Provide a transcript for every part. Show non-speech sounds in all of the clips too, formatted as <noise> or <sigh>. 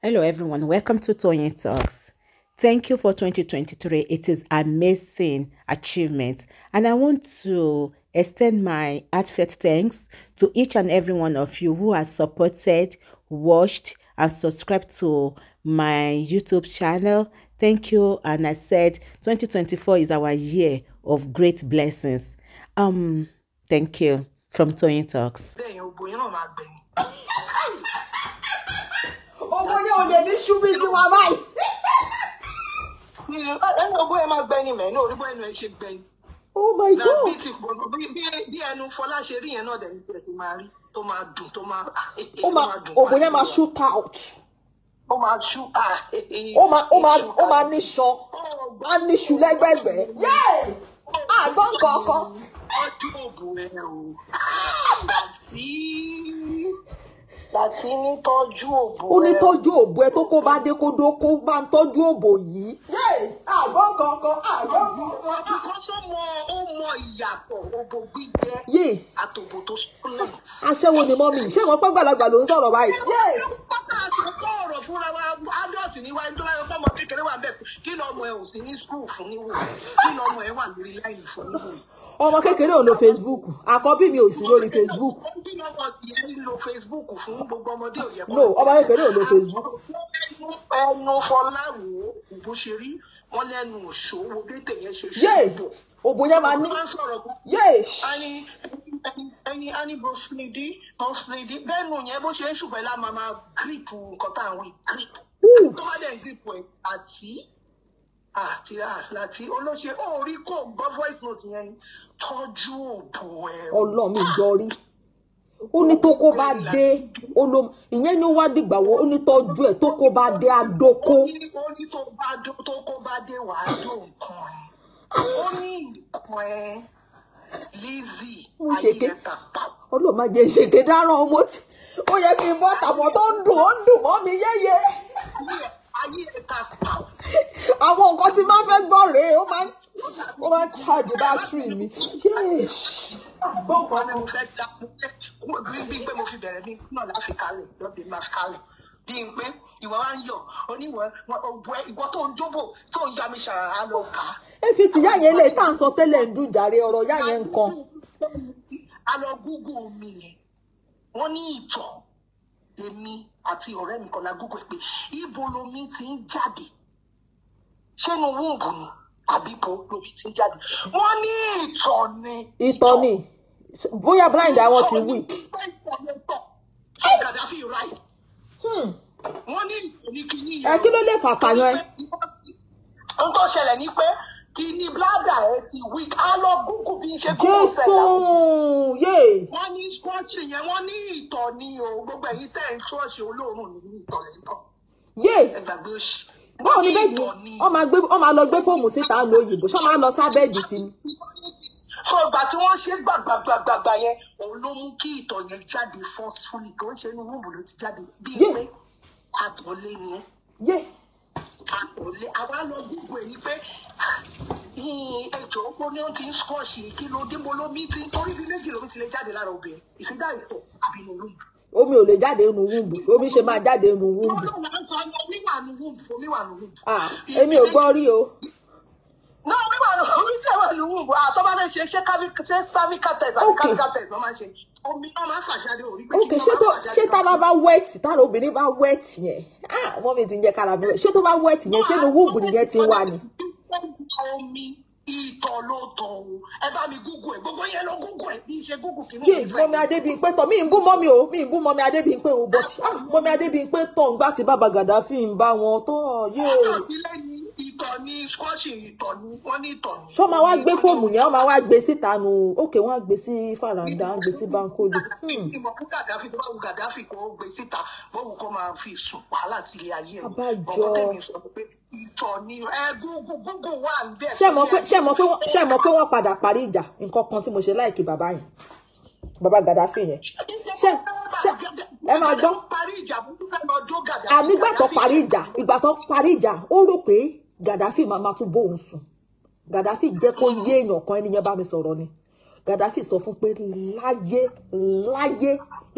Hello everyone, welcome to Tony Talks. Thank you for 2023. It is amazing achievement and I want to extend my heartfelt thanks to each and every one of you who has supported, watched and subscribed to my YouTube channel. Thank you and I said 2024 is our year of great blessings. Um thank you from Tony Talks. owó yóò lè ní ṣubí tiwa báyìí. ẹni ogún ẹ máa gbẹni mẹ ní orígbó ẹnu ẹ ṣe gbẹni. oh my god. na bí ti gbọ̀ngàn bí ẹnu Fọlá ṣe rí yẹn náà dẹ̀ ní tiẹ̀ ti máa rí tó máa dùn tó máa. Ah, eh, eh, ó máa òbò yẹn máa shoot out. ó máa shoot out. Ah, eh, ó máa ó máa ó máa níṣan á níṣu lẹ́gbẹ̀gbẹ̀. àgbọ̀n ọdún òbò ẹ o àgbà láti ní tọ́jú òbò ẹ. ó ní tọ́jú òbò ẹ tó kó bá dé kó dó bá ń tọ́jú òbò yìí àgbọ̀ kankan àgbọ̀ mọ ó ìyàtọ̀ ògbò gbígbẹ àtòbò tó súnlẹ̀. aṣẹ́wó ni mọ́mì ṣé ìwọ́n pẹ́ gbàlagbà ló ń sọ̀rọ̀ báyìí. pátá àsìkò ọ̀rọ̀ fúnra wa adult ni wa tó báyọ̀ fọmọ kékeré wà bẹ́ẹ̀ kí lọ ọmọ ẹ ò sí ní school fún níwò kí lọ ọmọ ẹ wà lórí láì ọmọ kékeré ò lo Facebook àkọ́bí mi ò sí lórí Facebook. no ọmọ kékeré ò lo Facebook. ẹnu fọláwo bó ṣe rí wọ́n lẹ́nu òṣò wo bí tèyẹ ṣe ṣe bọ̀. òbò yẹn máa ní. ani ẹni ani bọ́sílẹ̀dì bọ́sílẹ̀dì bẹ́ẹ̀ nù yẹn bó ṣe ń ṣùgbọ́n ẹ̀la máa máa gírípù nǹkan tá à ń wí gírípù. tó gírípù ẹ̀ àti àti àti olóṣè ó rí gbọ́ voice note yẹn tọ́jú òbò ẹ̀. ọlọ́run gbọ́ rí ó ní tó kó bá dé olo ìyẹn ni ó wá dìgbà wo ó ní tọ́jú ẹ̀ tó kó bá dé adóko. ó ní tó kó bá dé wàá dùn kan ó ní ìpọn ẹ Lizzy ayẹyẹta ọlọ́ọ̀ máa jẹ ìṣèké dáràn ọmọ tí ó yẹ kí n bọ́ tàbọ̀ tó ń dùn ó ń dùn mọ́ mi yẹ́yẹ. àwọn nǹkan tí máa fẹ́ gbọ́ rèé ó máa ń ó máa ń ṣáàjì bátìrì mi bí pé mo fi bẹ̀rẹ̀ bí náà láfi kalẹ̀ lọ́bì máa kalẹ̀ bí n pé ìwọ wa ń yọ oníwọ ọgbọ ìwọ tó ń jóbò tó ń yami ṣàrà lọ kà efi ti yá yẹn lè tá à ń sọ tẹ́lẹ̀ ń dùn ọ̀rọ̀ yá yẹn nǹkan. a lọ gúgù omi yẹn wọ́n ní ìtọ̀ èmi àti ọ̀rẹ́ mi kan la gúgù ẹ̀ pé ibo lomi ti ń jáde ṣé inú wúùbù ni àbíbo lomi ti ń jáde wọ́n ní ìtọ̀ ni. ìtọ̀ ni bóyá blind I àwọn ti weak. Hmm. ẹ kí ló lè fàpàyàn ẹ. ohun tó ṣẹlẹ̀ ni pé kí ni bládà ẹ ti weak á lọ gúgù bí n ṣe kúrò fẹ́ jésù yé. wọ́n ní ṣọ́ọ̀ṣì yẹn wọ́n ní ìtọ̀ ni o gbogbo ẹ̀yin tẹ̀ ń ṣọ́ọ̀ṣì olóòórùn ní ìtọ̀ lẹ́tọ̀. yé báwo ni bẹ́ẹ̀dì wọ́n máa lọ gbé fóòmù síta lóyìnbó ṣọ́ máa lọ sábẹ́ẹ̀dì sí ni so ìgbà tí wọ́n ṣe gbàgbàgbàgbà yẹn òun ló mú kí ìtọ̀ yẹn jáde forcefully kò ń ṣe inú wúwo ló ti jáde bíi pé àtọ̀lé ni ẹ́ àtọ̀lé àwa lọ gbogbo èyí pé ẹjọ́ ó ní ó ti ń skọ́ọ̀ṣì kí ló dínbó lómi ti torí bí méjì lómi ti lè jáde lára obìnrin ìsídà ìtọ̀ àbí inú wúwo. omi ò lè jáde inú wúwo omi ṣe máa jáde inú wúwo. olóòwò ń sọ omi wà nínú wúwo omi wà nínú wúwo. èmi ò gbọ́ rí o náà nígbà ah, tó orí tẹ̀ wà ní wùbọ̀ àtọ́ bá fẹ́ ṣe ṣé cervical test àti cervical test wọ́n máa ṣe omi náà máa ń fàjáde orí pé kí wọ́n máa fàjáde. ṣé tára bá wẹ́ẹ̀tì tára obìnrin bá wẹ́ẹ̀tì yẹn ah, wọ́n mi ti ń jẹ́ kára mi ṣé tó bá wẹ́ẹ̀tì yẹn ṣé ni wùbù nìyẹn ti wà ni. ìtọ̀ ló tọ̀ o ẹ bá mi gúgù ẹ gbogbo yẹn ló gúgù ẹ bí ṣe gúgù kí ni. mọ́mi adébíyìnpé tọ̀ mí ń bú mọ́mi o mí ń bú mọ́mi adébíyìnpé o bọ́tì ah, mọ́mi adébíyìnpé tọ̀ ń tí bàbá gàdáfì bá wọn tọ̀ yóò ìtọ̀ ni squashi wá gbé fóòmù yẹn wọ́n máá wá gbé síta nu òkè wọ́n á gbé sí faranda á gbé sí bankoli. ìmọ̀ fún gàdáfì pé wọ́n padà parí ìjà nǹkan kan tí mo ṣe láìkí bàbá yẹn bàbá gàdáfì yẹn ẹ máa gbọ́ ànígbà tó parí ìjà ìgbà parí ìjà ó rò pé Gaddafi mama máa tún bóun sùn Gaddafi jẹ́ kó yé èèyàn kan ẹni yẹn bá mi sọ̀rọ̀ ni Gaddafi sọ fún pé láyé láyé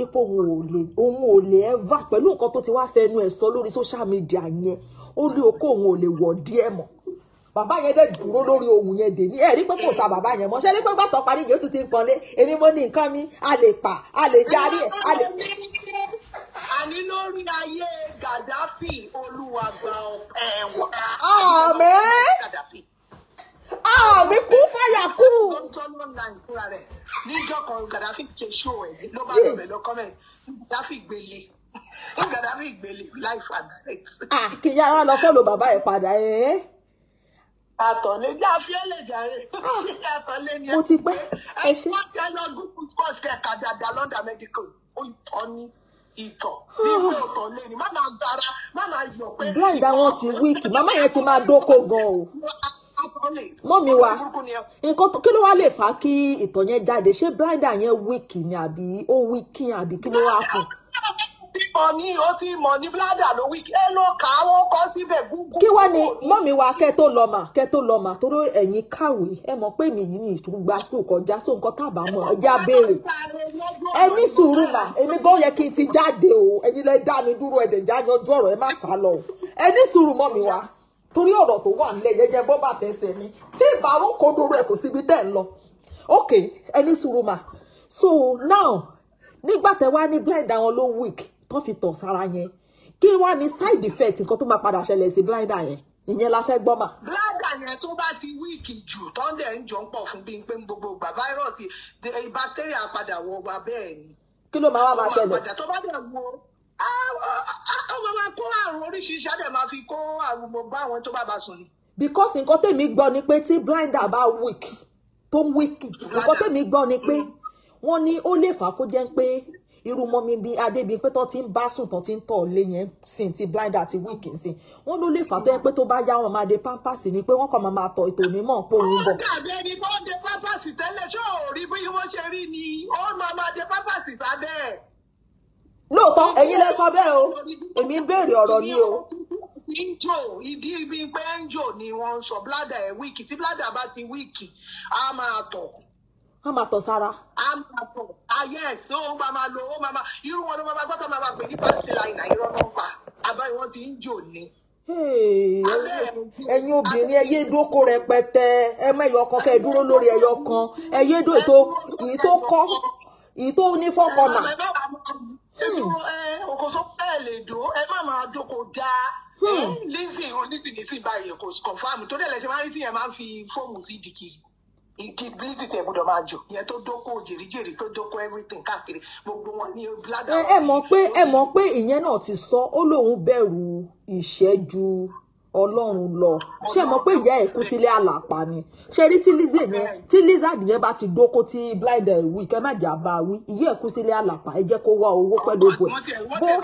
ipò òun ò lè òun ò lè ẹ́và pẹ̀lú nǹkan tó ti wá fẹnu ẹ̀ sọ lórí social media yẹn ó lé okó òun ò lè wọ̀ díẹ̀ mọ́ bàbá yẹn dẹ̀ dúró lórí ohun yẹn dè ní ẹ̀rí pé kò sa bàbá yẹn mọ́ ṣé ní pé gbàtọ̀ parí ìjọ tuntun kan èmi mo ní nǹkan mi a lè pa a lè járí ẹ̀ a lè. àní lórí ayé Gaddafi olúwa gba ẹ̀wọ̀n àmì àmì kú fàyà kú. níjọ́ kan Gaddafi ṣe ṣó ẹ ló bá lọ bẹ lọ comment Gaddafi gbélé Gaddafi gbélé life and direct. kì í yára lọ fọ́lọ̀ bàbá ẹ̀ padà ẹ̀. Àtọ̀lẹ́jà fíẹ́lẹ̀ jàre. Mo ti pẹ́ ẹ ṣe. Ẹ ṣe lọ gúúsù sport kẹ̀ka dáadáa London medical ó tọ́ ní ìtọ̀ bí ìwé ọ̀tọ̀ lé ní má máa gbára má máa yọ̀ pé. blind àwọn ti wíìkì màmá yẹn ti máa dóko gan o mọ́mi wa nǹkan kí ló wá lè fà á kí ìtọ̀ yẹn jáde ṣé blinder yẹn wíìkì ni àbí ó wíìkì àbí kí ló wá kù ti mọ ní ó ti mọ ní bládà ló wí ẹ lọ kà á wọ́n kọ́ síbẹ̀ gúgú. kí wàá ní mọ́mí wa kẹ́ tó lọ mà kẹ́ tó lọ mà torí ẹ̀yin kàwé ẹ mọ̀ pé mi yìí ni ìtún gba skul kọjá so nǹkan tábà mọ̀ ẹ já béèrè ẹ ní sùúrù mà èmi gan yẹ kí n ti jáde o ẹ̀yin lẹ dá mi dúró ẹ̀dẹ̀ já yanjú ọ̀rọ̀ ẹ má sá lọ o ẹ ní sùúrù mọ́mí wa torí ọ̀rọ̀ tó wà nílẹ̀ yẹjẹ bọ́ bàtẹ́ ẹsẹ̀ ni tí ìbáwó kò dóró ẹ̀ kò síbi tẹ́ ń so now nígbà tẹ wá ní blind àwọn ló weak tán fi tàn sára yẹn kí wá ní side effect nǹkan tó máa padà ṣẹlẹ̀ sí blinder yẹn ìyẹn la fẹ́ gbọ́ mà. blinder yẹn tó bá ti wíìkì jù tọ́ndẹ̀ ń jọ ń pọ̀ fún bíi pé gbogbo ìgbà fáírọ́ọ̀sì eh, bacteria padà wọ wa bẹ́ẹ̀ ni. kí ló máa wá máa ṣẹlẹ̀. tó bá dẹ̀ wo ọmọ máa kó àrùn oríṣiríṣi á dẹ̀ máa fi kó àrùn gbogbo àwọn tó bá bá sùn ni. because nǹkan tèmi gbọ́ ni pé tí blinder bá Weak tó ń wíìkì nǹkan tèmi gbọ́ ni pé mm. wọ́n ní ó lè fà kó jẹ́ pé irú mọ́mí bíi adébí pé tó ti ń bá sùn tó ti ń tọ̀ lé yẹn sìn ti blinder àti wíìkì sìn wọ́n ló lè fà tó yẹ pé tó bá yá wọn máa de pampers ni pé wọ́n kàn máa tọ̀ ètò onímọ̀ pé òun bọ̀. àbẹ̀ ni wọ́n de pampers tẹ́lẹ̀ ṣé ò rí bí wọ́n ṣe rí ni ó máa máa de pampers sábẹ́ ẹ̀. lóòótọ́ ẹ̀yin lẹ sọ bẹ́ẹ̀ o èmi ń béèrè ọ̀rọ̀ ni o injo ìdí ibi pé injo ni wọ́n ń sọ bládà ẹ̀ wíìkì tí bládà bá ti wíìkì á máa tọ̀ wọ́n máa tọ̀ sára. a máa tọ̀ ayé ẹ̀sìn òun máa máa lo òun máa máa irú wọn ló máa máa gbọ́dọ̀ máa máa pè ní pàṣẹ àìnà irọ́ náà pa àbáyé wọn ti ń jò ní. ẹ̀yin obìnrin ẹ yéé dóko rẹpẹtẹ ẹ má ẹyọ kan kẹ ẹ dúró lórí ẹyọ kan ẹ yéé dó èyí tó kọ èyí tó ní fọkànnà. òkòso bẹ́ẹ̀ lè dó ẹ má máa dóko dáa lẹ́sìn onísìnyìísìn báyìí kò confam tó dẹ̀ lẹ́sìn máa ń rí tíyẹn máa ń fi fóònù sí ìdíkì ìkíbílítì tẹ gbọ́dọ̀ máa jò ìyẹn tó dóko jèrìjèrì tó dóko everything káàkiri gbogbo wọn ní bládà. ẹ mọ̀ pé ẹ mọ̀ pé ìyẹn náà ti sọ ó lóun bẹ̀rù ìṣẹ́jú ọlọ́run lọ ṣé mọ̀ pé ìyá ẹ̀ kú sílé àlàpà ni ṣe rí tí Lizzie yẹn tí Lizzie yẹn bá ti dóko tí blind ẹ̀ wí kẹ́ má jà bá wí ìyá ẹ̀ kú sílé àlàpà ẹ jẹ́ kó wá owó pẹ̀lú ògbó ẹ̀.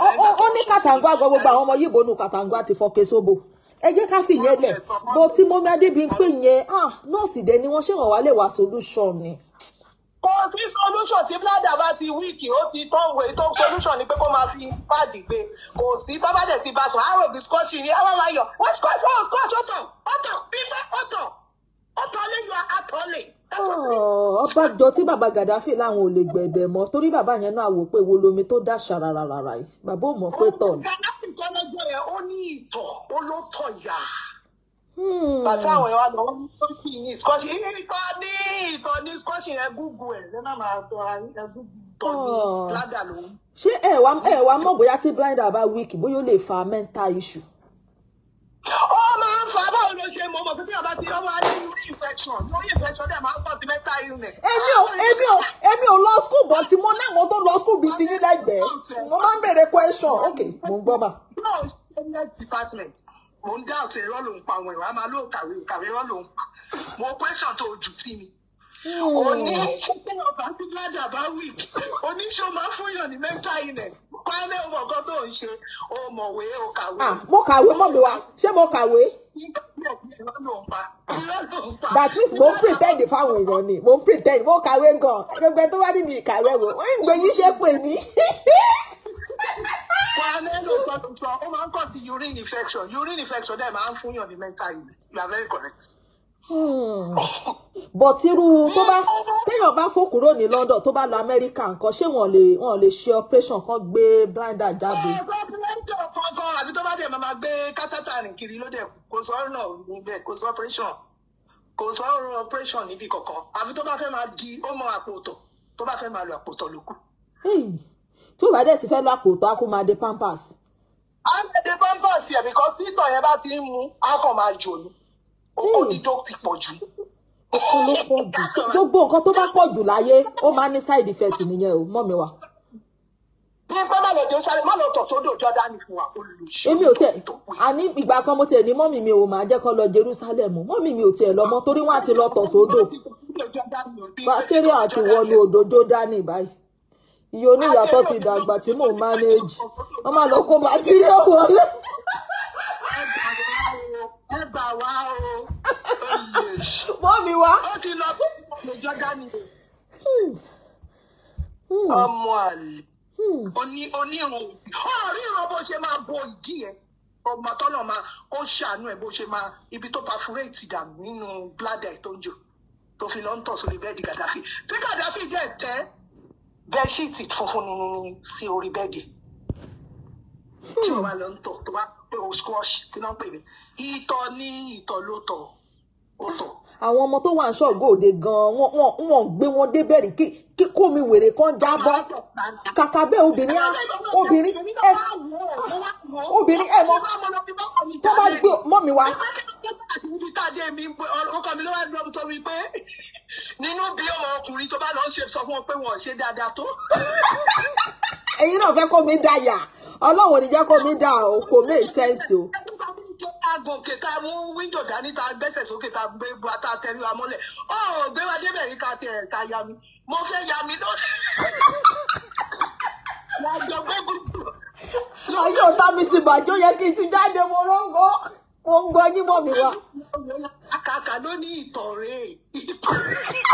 bó ó ní kàtàǹgbà gbogbo àwọn ọmọ yìí bonú kàtàǹgbà ti fọ́ kesóbo ẹ jẹ́ ká fìyẹn lẹ̀ bó tí Mọ́mí Adébímpé yẹn ah, nọ́ọ̀sì dẹ ni wọ́n ṣe wọ́n wá lè wá solution ni. kò sí solution tí bládà bá ti wíìkì ó ti tán wé tó solution ni pé kó máa fi páàdì gbé kò sí tábàdẹ̀ ti bá sùn àrò bí scotch ni àwọn máa yọ wọ́n scotch wọ́n scotch ó tàn ó tàn pípẹ́ ó tàn ó tàn lé yọ àtọ́lẹ̀. Ah, ọbàjọ tí bàbá Gàdáfì láwọn ò lè gbẹ̀gbẹ̀ mọ́ torí bàbá yẹn náà wò pé wo lomi tó dá ṣàràràrà yìí bàbá ò mọ̀ pé tọ̀ ni jẹ́lẹ́jẹ́ yẹn ó ní ìtọ̀ ó ló tọ̀ yà. Hmm. bàtà àwọn ìwà lọ ní scotchy ní scotchy ìtọ̀ ní ìtọ̀ ní scotchy ẹ gúgù ẹ lẹ́nà máa tọ ẹ gúgù tọ̀ ní oh. ládàá ló. ṣé ẹ wá mọ̀ bóyá tí blinder bá weak bóyá ó lè fa mental issue. ó máa ń fa báwo ló ṣe mọ ọmọ pípé ọba tí ọba ní orí infection orí infection dẹ̀ máa ń pọ̀ sí mental illness. èmi ò èmi ò lọ school bọ̀ tí mo náà mo tó lọ school bíi ti yín lẹ́gbẹ̀ẹ́ mo máa ń béèrè question ok mo ń gbọ́ bá náà ṣe next department mo ń dá ọ̀tún irọ́ ló ń pa àwọn ìwà máa ló kàwé kàwé irọ́ ló ń pa mo question tó jù sí mi. Oní ṣíṣe ọba tí Bládà bá wì oníṣó máa fún yàn ní mental illness kwalẹ̀ ọmọ ọ̀gọ́ tó ń ṣe o mọ̀wé o kàwé. Ah, mo kàwé mọ́ mi wá ṣé mo kàwé? That means mo ń pretend fáwọn èèyàn ni mo ń pretend mo kàwé gan-an gbogbo tó bá ní mi ìkàwé wo ń gbé ṣe pè mí. <laughs> Kwamelo sọ ti sọ, ó máa ń kọ̀ sí urine infection. Urine infection dẹ̀ máa ń fún yàn ní mental illness. You are very correct. Hmm. But irú tó bá téèyàn bá fò ní London tó bá lọ Amẹ́ríkà nǹkan ṣé wọ́n lè wọ́n lè ṣe operation kan gbé blinder jáde. Ẹ gbọ́ plenty of kankan àbí tó bá dẹ̀ máa gbé kátàtà rìn kiri ló kò sọ ọ̀nà níbẹ̀ kò sọ operation kò sọ ọ̀rọ̀ operation níbi kankan àbí tó bá fẹ́ máa di ó mọ àpò ọ̀tọ̀ tó bá fẹ́ máa lo àpò ọ̀tọ̀ lókù tí ò bá dẹ̀ ti fẹ́ lọ àpòtọ́ a kò máa de pampers. a ń de pampers yẹ bíkọ́ sítọ̀ yẹn bá ti ń mu a kàn máa jò ní oko dídó ti pọ̀ jù. oko jù <laughs> gbogbo nǹkan tó bá pọ̀ jù láyé ó máa ní side effect nìyẹn o mọ̀ mi wá. ní pé má lọ jẹ sáré má lọ tọ̀ sódò Jọ́dánì fún wa olùṣọ́. èmi ò tiẹ̀ àní ìgbà kan mo tiẹ̀ ní mọ́mì mi ò máa jẹ́ kó lọ Jerusalem mọ́mì mi ò tiẹ̀ lọ torí wọ́n á ti lọ tọ̀ sódò. bàtẹ́rì àti wọnú odò Jọ́dánì báyìí iye oníyàtọ̀ ti dàgbà tí mò ń manage wọ́n máa lọ kó bàtírí wọlé. ẹ gbà wá o mọ́ mi wá. ó ti lọ bí ọmọ ìjọba mi. ọmọ àlè oní onírun ọ̀rí ìran bó ṣe máa bo ìdí ẹ̀ ọmọ tọ́lọ̀ máa ó ṣàánú ẹ̀ bó ṣe máa ibi tó perforate dànù nínú bladder tó ń jò tó fi lọ́ ń tọ̀ sórí bẹ́ẹ̀dì Gaddafi tí Gaddafi dẹ̀ tẹ́ bẹ́ẹ̀ṣíìtì funfun ni ni sí orí bẹ́ẹ̀dì tí wọ́n bá lọ ń tọ̀ tó bá pé o squash kí náà pè mí ìtọ̀ ní ìtọ̀ ló tọ̀ ó tọ̀. àwọn ọmọ tó wà ń ṣọ̀gbọ́ òde gan-an wọ́n wọ́n gbé wọn débẹ̀ rí kí kó mi wèrè kan jábọ́ kàkà bẹ́ẹ̀ obìnrin obìnrin ẹ obìnrin ẹ mọ tó bá gbé mọ́ mi wá. ọkọ mi ló wá gbọ́ sọ wípé nínú bí ọmọ ọkùnrin tó bá lọ ṣe sọ fún wọn pé wọn ò ṣe dáadáa tó. ẹ̀yin náà fẹ́ kó mi dáyà ọlọ́run ò ní jẹ́ kó mi dá o kò make sense o agòkè tá a mú wíńdò dání tá a gbẹ́sẹ̀ sókè tá a gbé bua tá a tẹ̀lé wa mọ́lẹ̀ ọ̀ gbé wa débẹ̀ yìí ká tiẹ̀ ká ya mi mo fẹ́ ya mi lónìí. lájọ <laughs> gbé gbùgbù. ayé ọ̀tá mi ti bàjọ́ yẹ kí n ti jáde mo rọ́ngọ́ mo ń gbọ́ yín mọ̀ mí wá. akàkà ló ní ìtọ̀rẹ́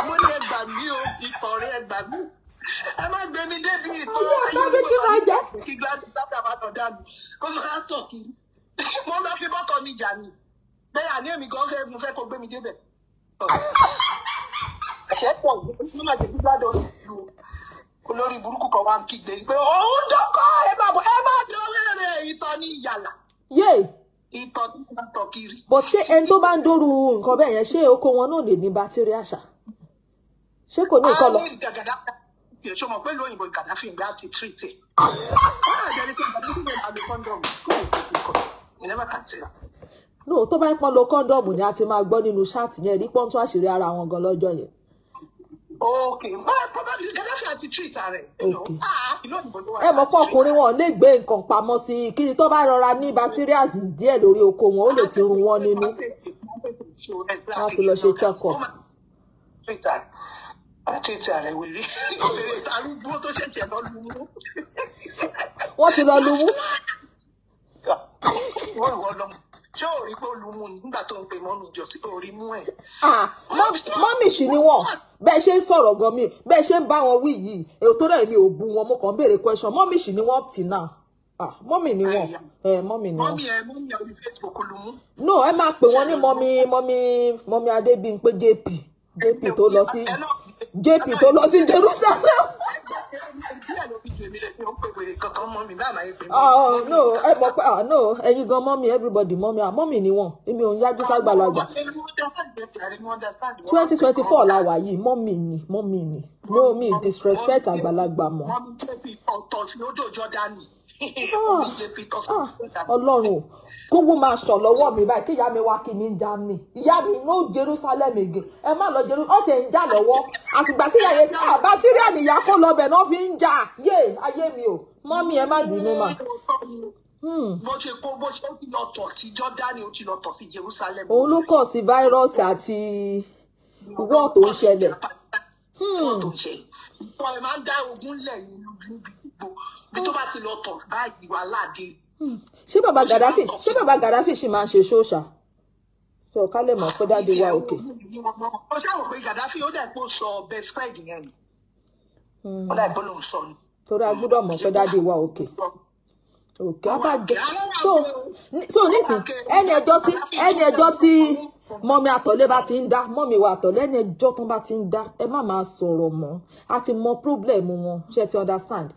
mo ní ẹgbà mí o ìtọ̀rẹ́ ẹgbà mí ẹ má gbé mi débi ìtọ̀rẹ́ ayé mi tí máa jẹ́. kí gíláàsì sábà máa tọ̀ dáàbò kó ló ká tọ̀ kí mo máa fi bọ́tọ̀ mi jà ní bẹ́ẹ̀ àní èmi gan fẹ́ mo fẹ́ kó gbé mi débẹ̀. ẹ̀ṣẹ̀ pọ̀ ló máa jẹ́ gbígbádùn ìlú olórí burúkú kan wá ń kígbe pé òun dọ́kọ̀ ẹ má bọ̀ rẹ̀ ìtọ́ ní ìyàlá. yéè ìtọ̀ tí wọ́n máa tọ̀ kiri. but ṣé ẹni tó bá ń dóru nǹkan bẹ́ẹ̀ yẹn ṣé oko wọn náà lè ní bacteria ṣá ṣé kò ní ìkọlọ. àwọn gàgàdà ti ṣe mọ̀ pé lóyìnbó gàdáfì gbá no tó bá ń pọn lo kọ́ńdọ̀mù ni a ti máa gbọ́ nínú ṣáàtì yẹn rí pọ́ńtò àṣírí ara wọn gan lọ́jọ́ yẹn okay báyìí ah, ẹ mọ̀ pọ̀ ọkùnrin wọn lè gbé nǹkan pamọ́ sí i kí ni tó bá rọra ní bacterias díẹ̀ lórí oko wọn ó lè ti run wọn nínú ah, wọn ti lọ ṣe chọkọ. Ah, eh, wọ́n ti lọ lu mú ṣé ò rí pé olùmú nígbà tó ń pe mọ́mì ìjọsìn ò rí mú ẹ̀. Ah, mọ́mì sì ni wọ́n bẹ́ẹ̀ ṣe ń sọ̀rọ̀ gan mi bẹ́ẹ̀ ṣe ń bá wọn wí yìí èrò tó dẹ̀ mi ò bu wọn mo kàn ń béèrè question mọ́mì sì ni wọ́n up till now ah, mọ́mì ni wọ́n mọ́mì ni wọ́n. mọ́mì ẹ mọ́mì orí Facebook ló mú. no ẹ máa pè wọ́n ní mọ́mì mọ́mì mọ́mì Adébímpé JP JP tó lọ sí JP tó lọ sí Jerusalem. Oh no, ẹ mọ̀ pé ah no, ẹ̀yin gan mọ́mí everybody mọ́mí ah mọ́mí ni wọ́n, èmi ò ń yájú ságbàlagbà. twenty twenty four la wà yìí mọ́mí ni mọ́mí ni mọ́mí disrespect àgbàlagbà mọ́. Ah, ah, Ọlọ́run kówó máa sàn lọ́wọ́ mi báyìí kí ìyá mi wá kí mi ń Germany ìyá mi no Jerusalem again ẹ má lọ Jerusalem ó ti ń jà lọ́wọ́ àtìgbà tí ìyàyẹ tí àbá tí rí àníyá kó lọ bẹ̀ náà fi ń jà yé ayé mi o mọ́mí ẹ má bínú mà. Hmm. bó ṣe kó bó ṣe ó ti lọ tọ̀ sí Jọ́dánì ó ti lọ tọ̀ sí Jerusalem. òun ló kọ̀ sí fáírọ́ọ̀sì àti wọ́ọ̀ tó ń ṣẹlẹ̀. Hmm. Hmm. ìwọ ẹ máa ń dá ogun lẹ̀ níbi gbogbo bí tó ṣé bàbá Gaddafi ṣé bàbá Gaddafi ṣì máa ń ṣe ṣóòṣà sọ ká lè mọ̀ pé dáadé wa òkè. ó ṣàwò pé Gaddafi ó dàgbò sọ best friend yẹn ni hmm. ó dàgbò lòún sọ ni. torí a gbọ́dọ̀ mọ̀ pé dáadé wa òkè òkè abájọ so so nísìnyí ẹni ẹjọ́ tí ẹni ẹjọ́ tí mọ́mí àtọ̀lé bá ti ń dá mọ́mí ìwà àtọ̀lé ẹni ẹjọ́ tó bá ti ń dá ẹ má máa sọ̀rọ̀ mọ́ a ti mọ problem wọn ṣe ti understand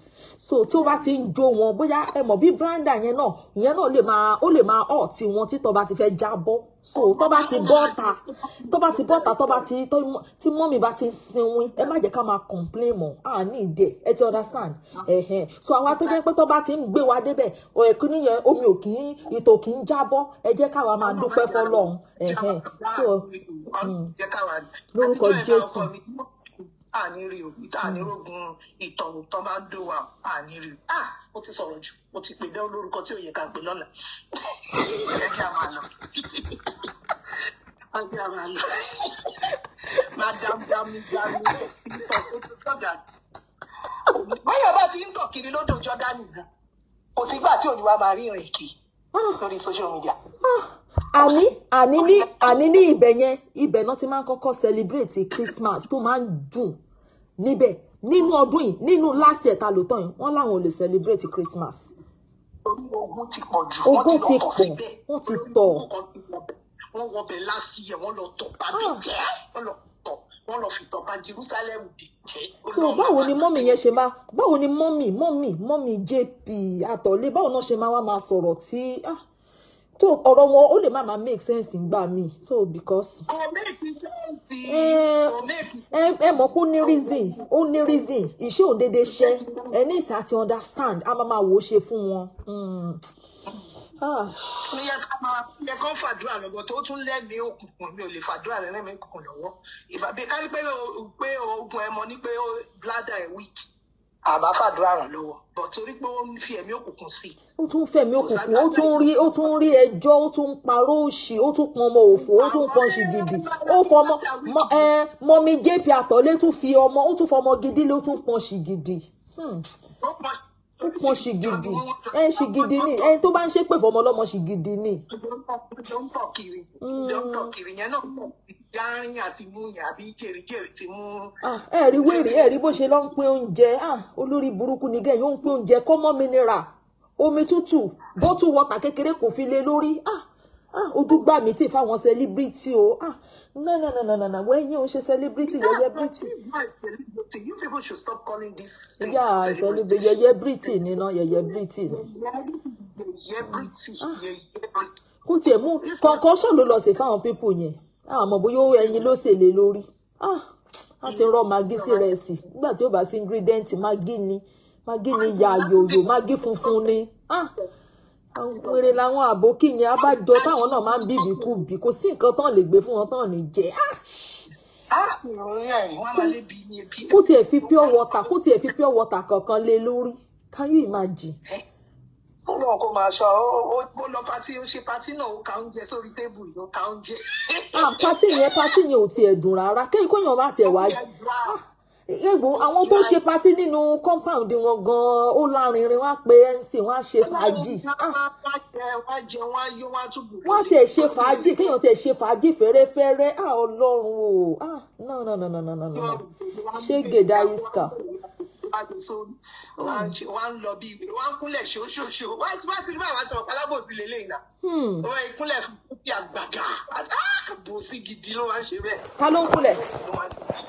so tí ó bá ti ń jó wọn bóyá ẹ mọ̀ bí branda yẹn náà ìyẹn náà ó lè máa ó lè máa ọ̀ tí wọn títọ́ bá ti fẹ́ jábọ́ so tó bá ti bọ́ta tó bá ti bọ́ta tó bá ti tí mọ́mì bá ti sinwin ẹ má jẹ́ ká máa complain mọ́ à ní ìdẹ ẹ ti understand ẹ̀hẹ̀n so àwa tó jẹ́ pé tó bá ti ń gbé wa débẹ̀ ẹ̀kú nìyẹn omi ò kì í ìtò kì í jábọ́ ẹ jẹ́ káwa máa dúpẹ́ fọlọ́run ẹ̀hẹ̀n so mm, lórúkọ Jésù àní rí o àní hmm. rógun ìtọ̀ tán bá dó wa àní rí o ah mo ti sọ̀rọ̀ jù mo ti pè dé olórúkọ tí ò yẹ ká pè lọ́la <laughs> ẹ kí a máa lọ ẹ kí a máa lọ madam dami dami sọ pé tó sọ̀dà báyọ̀ bá ti ń tọ̀ kiri lódò jọ́dá nìkan kò sígbà tí òní wa máa rí ìrìn lórí social media àní àní ní àní ní ibẹ̀ yẹn ibẹ̀ náà ti máa ń kọ́kọ́ celebrate Christmas tó máa ń dùn níbẹ̀ nínú ọdún yìí nínú last year ta ló tán yìí wọ́n láwọn ò lè celebrate Christmas. ogun ti pọ̀ jù ogun wọ́n ti tọ̀. wọ́n wọ bẹ̀ last year wọ́n lọ tọ̀ bàbí ah. jẹ́ wọ́n lọ fi tọ̀ bá Jerusalem dì jẹ́. so báwo ni mọ́mì yẹn ṣe máa báwo ni mọ́mì mọ́mì mọ́mì JP àtọ̀lé báwo náà ṣe máa wá máa sọ̀rọ̀ tí ah tó ọ̀rọ̀ wọn ó lè má máa make sense ngbà mí so because. Eh, ẹ mọ̀ pé ní reason ó ní reason iṣẹ́ òdede ṣẹ́ ẹ ní ìsà ti understand a máa máa wò ṣe fún wọn. mi hmm. ah. yẹ ká máa yẹ kán fàdúrà lọ́wọ́ tó tún lẹ́mí òkùnkùn mi ò lè fàdúrà lẹ́mí òkùnkùn lọ́wọ́ ìbàbí ká ní pé ogun ẹmọ ní pé bladder ẹ̀ weak àbá fàdúrà ràn lọ́wọ́ bọ̀ torí pé ó ń fi ẹ̀mí òkùnkùn sí i. ó tún fẹ̀mí òkùnkùn ó tún rí ó tún rí ẹjọ́ ó tún parọ́ òṣì ó tún pọn ọmọ òfò ó tún pọn ṣì gidi ó fọmọ mọmi jp àtọ́lé tún fi ọmọ ó tún fọmọ gidi ló tún pọn ṣì gidi. Hmm. ó pọn ṣì ó pọn gidi, ẹ ń gidi ni ẹni tó bá ń ṣépè fọmọ ọlọ́mọ gidi ni. ló ń tọ̀ mm. kiri ló ń tọ̀ kiri yẹn náà yárin àti mú yàn àbí jèrèjèrè ti mú. Ah, ẹ rí wèrè ẹ rí bó ṣe lọ ń pín oúnjẹ ah, olórí burúkú nìgẹ̀ yóò ń pín oúnjẹ kọ́mọ́ mineral omi tútù bọ́tù wọta kékeré kò fi lé lórí. Ah, ah ojú gbà mí tì fáwọn celebrity o ah no no no no no no wẹ́n yín o ṣe celebrity yẹyẹ celebrity. you people should stop calling this thing yeah, celebrity. yẹyẹ brity ni náà yẹyẹ brity ni. yẹyẹ brity yẹyẹ brity. Ah. kò tiẹ̀ mú concoction ló lọ sí fáwọn people yẹn àmọ́ bóyá ẹyin ló ṣèlè lórí ah wọ́n ti magi si rẹ̀ sí nígbà tí ó bá sí ingredient magi ni magi ni ya yàyòyò magi funfun ni ah wèrè làwọn àbókì yẹn abájọ táwọn náà máa ń bíbí kú bí kò sí nǹkan tán lè gbé fún wọn tán ní jẹ kó tiẹ̀ fi pure water kó tiẹ̀ fi pure water kankan lé lórí can you imagine. ó mọ̀ kó máa ṣọ ó lọ pátí ó ṣe pátí náà ó ka oúnjẹ sórí tébù ló ka oúnjẹ. Ah, pátí yẹn pátí yẹn ò tiẹ̀ dùn rárá kéèkó yẹn wá tiẹ̀ wá ègbò àwọn tó ṣe patí nínú compound wọn gan-an ó lárinrin wá pé mc wọn á ṣe fàájì. wọ́n á tiẹ̀ ṣe fàájì kéèyàn tiẹ̀ ṣe fàájì fẹ́rẹ́fẹ́rẹ́ ah, ọlọ́run o ah, no no no no no no ṣé gèdá iska bá gbé sórí wọ́n á ń lọ bí ìwé wọ́n á ń kúnlẹ̀ ṣoṣooṣo wọ́n á ti bá ti rí báwa ti mọ̀ pálábòsí lélẹ̀ ìlà wọ́n ìkúnlẹ̀ fún bí àgbàgà àbòsí ah, gidi ló wá ń ṣe bẹ́ẹ̀. ta ló ń kúnlẹ̀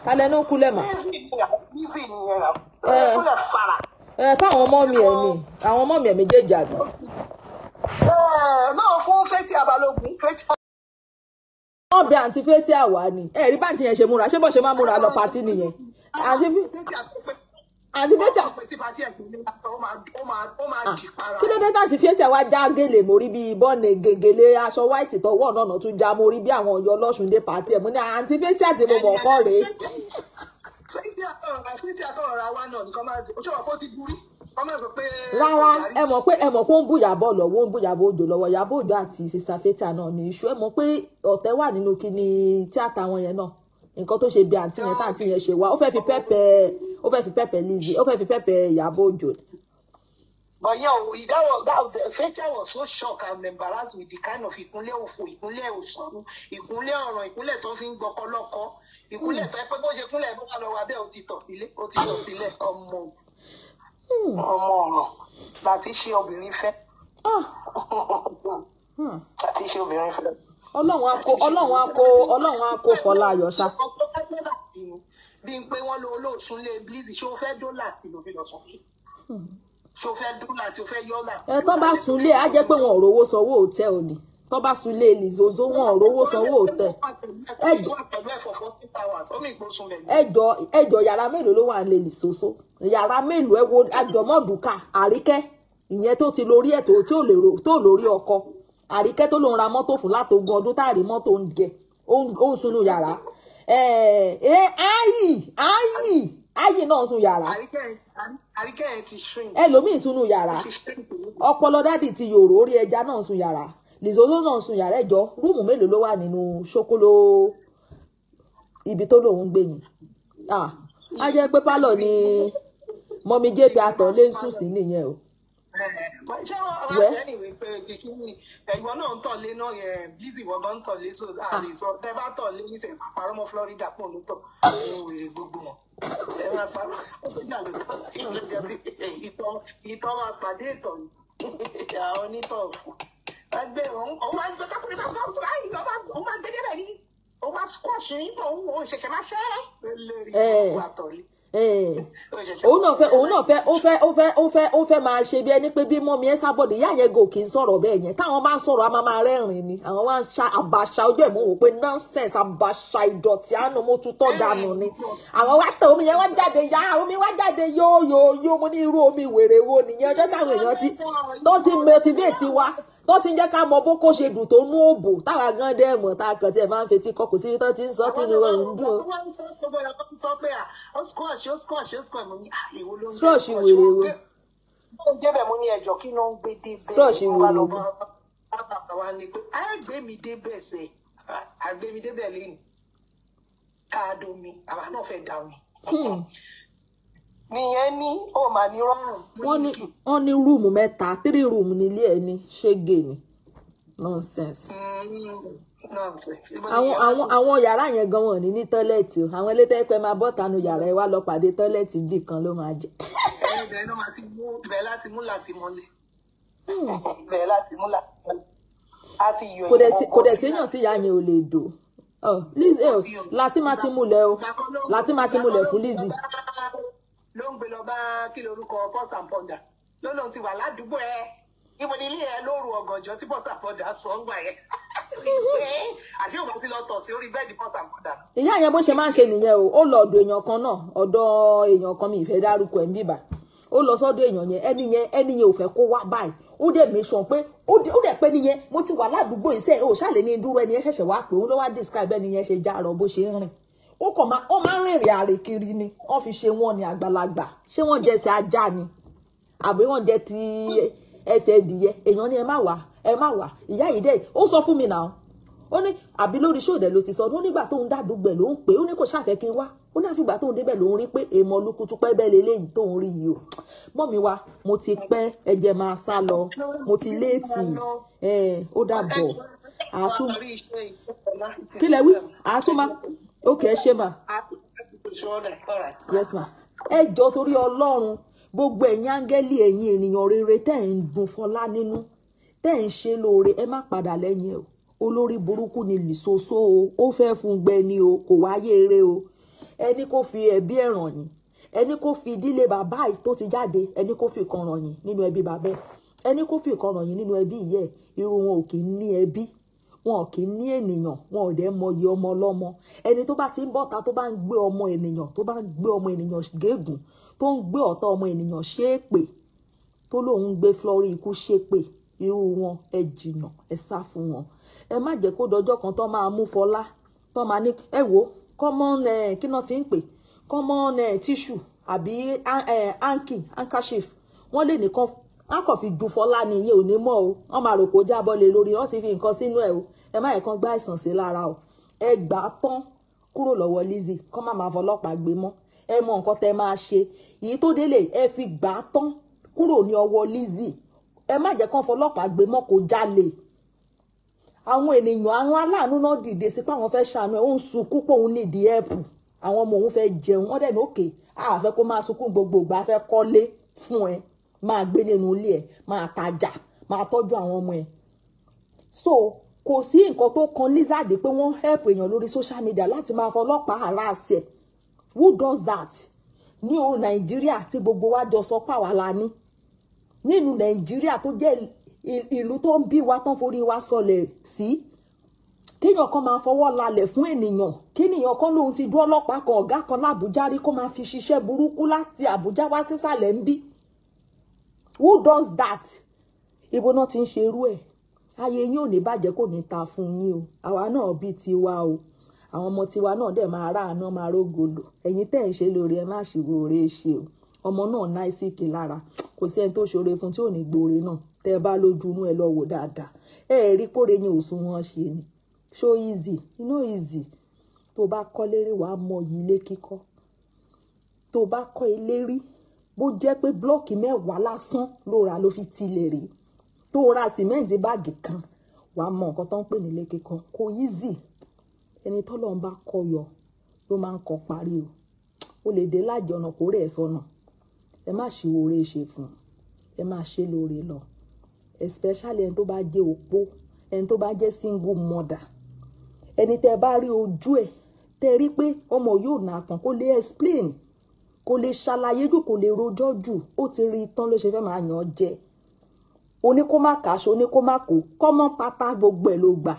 ta lẹ́nu ń kúnlẹ̀ mà. Eh. ẹ eh, fáwọn ọmọ mi ẹ ní àwọn ọmọ mi ẹ méjèèjì àbí. Eh, náà fún fẹ́tì abalógun fẹ́tì wọ́n bẹ àǹtí fétí àwa ni ẹ̀rí báǹtí yẹn ṣe múra ṣé bó ṣe máa múra lọ pàtí nìyẹn àǹtí fétí àti pé àti bẹ́tà ah, kí ló dé láti fi ẹ̀tẹ̀ wá já gèlè mórí bí bọ́ọ̀nì gègèlè aṣọ white tọwọ́ ọ̀nà tún já mórí bí àwọn ọ̀yọ́ ọlọ́sùn dé pàtì ẹ̀ mú ní àǹtí fẹ́tì àti mo mọ̀ ọ̀kọ́ rèé. rárá ẹ mọ̀ pé ẹ mọ̀ pé ó ń bú Ìyábọ̀ lọ́wọ́ ó ń bú Ìyábọ̀ Òjó lọ́wọ́ Ìyábọ̀ Òjó àti sista fẹ́tà náà ní iṣu ẹ mọ̀ pé ọ̀tẹ̀ wà nínú kíní tíátà wọn yẹn náà nǹkan tó ṣe bí àǹtí yẹn táǹtí yẹn ṣe wá ó fẹ́ fi pẹ́pẹ́ ó fẹ́ fi pẹ́pẹ́ Lizzie ó fẹ́ fi pẹ́pẹ́ Ìyábọ̀ Òjó. But yeah, we, that was that the Feta was so shocked and embarrassed with the kind of ìkúnlẹ̀ òfò, ìkúnlẹ̀ òṣòro, ìkúnlẹ̀ ọ̀ràn, ìkúnlẹ̀ tó fi ń gbọ́kọ́ lọ́kọ́, ìkúnlẹ̀ tó pé bó ṣe kúnlẹ̀ bó wà lọ wà bẹ́ẹ̀ ó ti tọ̀ sílé, ó ti tọ̀ sílẹ̀ ọmọ ọmọ ọ̀ràn láti ṣe obìnrin fẹ́. Ah. Láti ṣe obìnrin fẹ́. Ọlọ́run á kó Ọlọ́run á kó Ọlọ́run á kó Fọláyọ̀ ṣá bí n pé wọ́n lo olóòtú lé Lizzy ṣé o fẹ́ dọ́là tí ló fi lọ sùn ṣé o fẹ́ dọ́là tí o fẹ́ yọ́ là. ẹ tó bá sùn lé á jẹ́ pé wọn ò rówó sanwó òtẹ́ ò ní tó bá sùn lé nìzózó wọn ò rówó sanwó òtẹ́. ẹjọ ẹjọ yàrá mélòó ló wà lè nìṣoṣo yàrá mélòó ẹ wo àjọmọ́dúnkà àríkẹ́ ìyẹn tó ti lórí ẹ̀ tó lórí ọkọ àríkẹ́ tó lòun ra mọ́tò fún látògùn ọdún táàrí mọ́tò ń jẹ ó ń sunú yàrá Eh, eh, ayi ayi ayi náà sun yàrá ẹlòmíì sunu yàrá ọpọlọ dádì ti yòrò orí ẹja náà sun yàrá lìzòzó náà sun yàrá ẹjọ rúùmù mélòó ló wà nínú ṣókóló ibi tó lòun gbé yìí á ah, jẹ́ pé pálọ̀ ni mọ́mí jébì àtọ̀ lé ń sùn sí nìyẹn o. wẹ́. ẹ̀gbọ́n náà ń tọ̀lé náà yẹn bísí wọ́n gan ń tọ̀lé so àlè ah. sọ tẹ́ bá tọ̀lé ní sẹ̀ parọ́ mọ́ Florida pọ̀ ló tọ̀ èrè gbogbo wọn. ẹ máa parọ́ ìtọ́ máa pàdé ìtọ̀ àwọn onítọ̀ fún. ẹgbẹ́ òun máa ń gbé kápẹ́rẹ́ bá wọ́n fún láyé òun máa ń gbé débẹ̀ ní òun máa squash yín bọ̀ òun ṣẹ̀ṣẹ̀ máa ṣẹ́ Eh. òun náà fẹ́ òun náà fẹ́ ó fẹ́ ó fẹ́ ó fẹ́ ó fẹ́ máa ṣe bí ẹni pé bí mọ́mi ẹ sábọ̀dì ìyá yẹn gò kì í sọ̀rọ̀ bẹ́ẹ̀ yẹn táwọn bá ń sọ̀rọ̀ a máa máa rẹ́rìn-ín ni àwọn wá ń ṣa àbàṣà ojú ẹ̀ mú wò pé nonsense àbàṣà ìdọ̀tí àánú mo tutọ́ dànù ni àwọn wá tẹ omi yẹn wá jáde yá omi wá jáde yóò yóò yóò mo ní irú omi wèrè wo nìyẹn ọjọ́ táwọn èèyàn ti tó ti motivate wa tó ti ń jẹ́ ká mọ bó kó ṣe dùn tó nú òbò táwa gan dẹ́ mọ̀ tá a kàn tí ẹ̀ máa ń fetí kọ kò síbi tó ti ń sọ tí ìrora ń dùn. strush ah, ah, wèrè o. strush wèrè o. àgbẹ̀mídébẹ̀ sẹ̀ àgbẹ̀mídébẹ̀ lẹ́nu káàdó mi ah, àwa náà fẹ́ dà mí. Hmm nìyẹn ní ó mà ní rọrùn. wọ́n ní wọ́n ní rúùmù mẹ́ta tírì rúùmù nílé ẹ̀ ní ṣége ni nonsense. Mm, àwọn àwọn àwọn yàrá yẹn gan wọn ní ní tọ́lẹ̀tì o àwọn ilé tẹ́pẹ́ máa bọ́ tanu yàrá ẹ wá lọ pàdé tọ́lẹ̀tì bì kan ló máa jẹ. ibẹ̀ ló máa ti mú ibẹ̀ hmm. kò dẹ̀ séèyàn tí ìyá yẹn ò lè dò oh, láti oh, máa ti múlẹ̀ o láti máa ti múlẹ̀ fún Lizzy ló ń gbé lọ bá kí lorúkọ bọ́ọ̀sì àpọ̀dà ló lóun ti wà ládùúgbò ẹ ibo ni ilé ẹ lóru ọ̀gànjọ́ tí bọ́ọ̀sì àpọ̀dà sọ ń gbà yẹn <laughs> àti òun ti lọ tọ̀ sí orí bẹ́ẹ̀dì bọ́ọ̀sì àpọ̀dà. ìyá yẹn bó ṣe máa ń ṣe nìyẹn o ó lọ ọ̀dọ̀ èèyàn kan náà ọ̀dọ̀ èèyàn kan mi ìfẹ́ dárúkọ ẹ̀ ń bíbà ó lọ sọ́dọ̀ èèyàn yẹn ẹni yẹn ẹni yẹn ò fẹ́ kó wá báyìí ó dẹ̀ mí sọ pé ó dẹ̀ pé nìyẹn mo ti wà ládùúgbò iṣẹ́ ò ṣàlẹ̀ ní dúró ẹni yẹn ṣẹ̀ṣẹ̀ wá pé òun ló wá describe ẹni yẹn ṣe já rọ bó ṣe ń rìn ó kàn máa ó máa ń rìnrìn àrè kiri ni wọ́n fi ṣe wọ́n ní àgbàlagbà ṣé wọ́n jẹ ẹsẹ̀ ajá ni àbí wọ́n jẹ ti ẹsẹ̀ ẹdìyẹ èèyàn ni ẹ má wà ẹ má wà ìyá yìí dẹ ó sọ fún mi náà ó ní àbí lórí ṣóòdẹ ló ti sọ ó nígbà tóun dàdúgbẹ ló ń pè ó ní kò ṣàfẹ́ kí n wá ó ní àfìgbà tóun débẹ̀ ló ń rí pé èèmọ̀ olúkútú pẹ́ bẹ́ẹ̀ lélẹ́yìí tóun rí yìí o mọ́mi wa mo ti pẹ́ ẹ̀jẹ̀ máa sá lọ mo ti léètì ó dàbọ̀ àtún kí lẹ wí àtún okay ẹ ṣé mà. yes ma ẹ jọ torí ọlọ́run gbogbo ẹ̀yin áńgẹ́lì ẹ̀yin ènìyàn rere tẹ́ ẹ̀ ń dun fọlá nínú tẹ́ ẹ̀ ń ṣe lóore ẹ má padà lẹ́yìn o olórí burúkú ni lìṣoṣo o ó fẹ́ fún gbẹ ni o kò wáyé eré o ẹni kò fi ẹbí ẹ̀ràn yìí ẹni kò fi ìdílé bàbá yìí tó ti jáde ẹni kò fi ìkan yìí nínú ẹbí bàbá ẹni kò fi ìkan yìí nínú ẹbí ìyẹ irú wọn ò kì í ní ẹbí wọn ò kì í ní ènìyàn wọn ò dẹ̀ mọyì ọmọ ọlọ́mọ ẹni tó bá ti ń bọ́ta tó bá ń gbé ọmọ ènìyàn tó bá ń gbé ọmọ ènìyàn gégùn tó ń gbé ọ̀tá ọmọ ènìyàn ṣépè tó lóun ń gbé flori ikú ṣépè irú wọn ẹ jìnà ẹ sá fún wọn ẹ má jẹ́ kó dọjọ́ kan tó máa mú fọlá tó máa ní ẹ wo common eh, kí náà ti ń pè common eh, tissue àbí hanky eh, handkerchief wọ́n lè nìkan wọn kàn fi du fọlá ní iye òní mọ́ o wọn máa rò pé ó jábọ́ lé lórí wọn sì fi nǹkan sínú ẹ̀ o ẹ má yẹn kan gbá àìsàn sí lára o ẹ gbà á tán kúrò lọ́wọ́ Lizzy kọ́ má máa fọlọ́pàá gbé mọ́ ẹ mọ nǹkan tẹ máa ṣe èyí tó délé ẹ fi gbà á tán kúrò ní ọwọ́ Lizzy ẹ má jẹ́ kán fọlọ́pàá gbé mọ́ kó jalè àwọn ènìyàn àwọn aláàánú náà dìde sí pé àwọn fẹ́ ṣàánú ẹ̀ ó ń sunkún pé òun nídìí ẹ̀pù àwọn ọmọ òun fẹ́ jẹun wọ́n dẹ̀ ní òkè àfẹ́ kó máa sunkún gbogbo fẹ́ kọ́lé fún ẹ máa gbé nínú ilé ẹ̀ máa tajà máa tọ́jú àwọn ọmọ ẹ̀ so kò sí nǹkan tó kan Lizzy pé wọ́n help èèyàn lórí social media láti máa fọlọ́pàá harass ẹ̀ who does that ní o Nàìjíríà tí gbogbo wa jọ sọ pàwá la ní nínú Nàìjíríà tó jẹ́ ìlú tó ń bí wa tán forí wa sọlẹ̀ sí kéèyàn kan máa fọwọ́ lalẹ̀ fún ènìyàn kéèyàn kan lòun ti dú ọlọ́pàá kan ọ̀gá kan lábújá rí kó máa fi ṣiṣẹ́ burúkú láti Àbújá wá sísàlẹ̀ ń bí who does that ibo náà ti ń ṣe irú ẹ̀ ayé yín ò ní bàjẹ́ kò ní ta fún yín o àwa náà bíi tiwa o àwọn ọmọ tiwa náà dẹ̀ máa rà àná máa rógolo ẹ̀yin tẹ́ ẹ̀ ṣe lórí ẹ má ṣìwò oore ṣe o ọmọ náà náìsíkì lára kò sí ẹni tó ṣoore fún tí ò ní gbóore náà tẹ́ ẹ bá lójú inú ẹ lọ wò dáadáa ẹ ẹ rí póre yín òsùn wọn ni ṣó easy iná easy tó bá kọ́ lérí wàá mọ yìí ilé kíkọ́ tó bá kọ́ ilé bó jẹ́ pé blọ́ọ̀kì mẹ́wàá lásán ló ra ló fi tilẹ̀ rèé tó ra sìmẹ́ǹtì báàgì kan wàá mọ nǹkan tó ń pè nílé kíkọ kò easy ẹni tọ́lọ́ ń bá kọ yọ ló máa ń kọ parí o ó lè dé láàjọ ọ̀nà kó rẹ̀ sọnà ẹ má ṣe oore ṣe fún ẹ má ṣe lóore lọ especially ẹni tó bá jẹ́ opó ẹni tó bá jẹ́ single mother ẹni tẹ́ bá rí ojú ẹ̀ tẹ́ rí pé ọmọ yóò nà kàn kó lè explain kò lè ṣàlàyé jù kò lè rojọ́ jù ó ti rí tán ló ṣe fẹ́ máa yàn jẹ oní kó má kàṣọ oní kó má kó kọ́mọ́ pátá gbogbo ẹ̀ ló gbà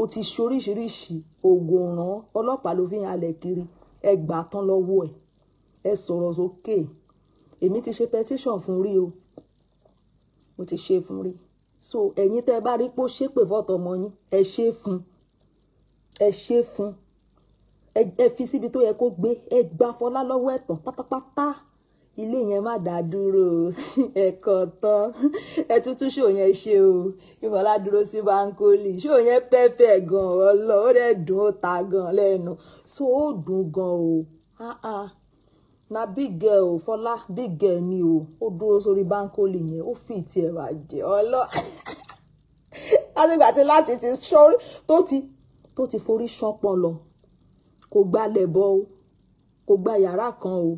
ó ti ṣoríṣiríṣi oògùn ọ̀ràn ọlọ́pàá ló fi ń halẹ̀ kiri ẹ gbà tán lọ́wọ́ ẹ̀ ẹ sọ̀rọ̀ sókè èmi ti ṣe petition fún rí o mo ti ṣe fún rí so ẹ̀yin tẹ́ ẹ bá rí pé ó ṣépè fọ́tọ̀ ọmọ yín ẹ ṣe fún ẹ ṣe fún ẹ fi síbi tó yẹ kó gbé ẹ gba Fọlá lọ́wọ́ ẹ̀tàn pátápátá ilé yẹn má dá dúró <laughs> ẹ̀kọ́ tán ẹ tútú ṣò yẹn ṣe o ìfọ̀lá dúró sí bankoli ṣò yẹn pẹ́pẹ́ gan ọlọ ó dẹ̀ dùn ó ta gan lẹ́nu so ó dùn gan o na big girl o Fọlá big girl ni o ó dúró sórí bankoli yẹn ó fi ìtì ẹ̀ bàjẹ́ ọlọ́ <laughs> látìgbà tí láti ti sọ́rí tó ti tó ti forí ṣánpọ́n lọ kò gbalẹ̀ bọ o kò gba yàrá kan o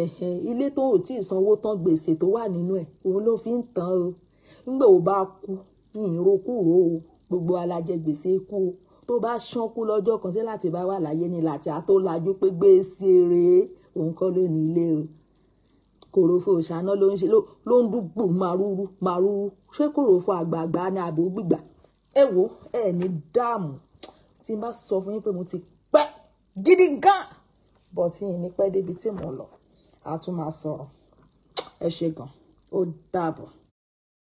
ẹ̀hẹ̀n ilé tó ò tí ì sanwó tán gbèsè tó wà nínú ẹ̀ òun ló fi ń tàn o ńgbà ò bá kú yìnyín rokúrò o gbogbo alajẹ gbèsè kú o tó bá ṣánkú lọ́jọ́ kan sí láti bá wà láyé ni láti àtó lajú pé gbèsè rèé òun kọ́ ló ní ilé o kòròfo ìṣáná ló ń ṣe ló ń dùbù màrúurú màrúurú ṣé kòròfo àgbààgbà ni àbò gbígbà ẹ wo ẹ ní dáàmú tí n bá sọ fún yín pé mo ti gidi gan but tí yìí ní pẹ́ débi tí mò lọ a tún máa sọ̀rọ̀ ẹ ṣe gan ó dàbọ̀.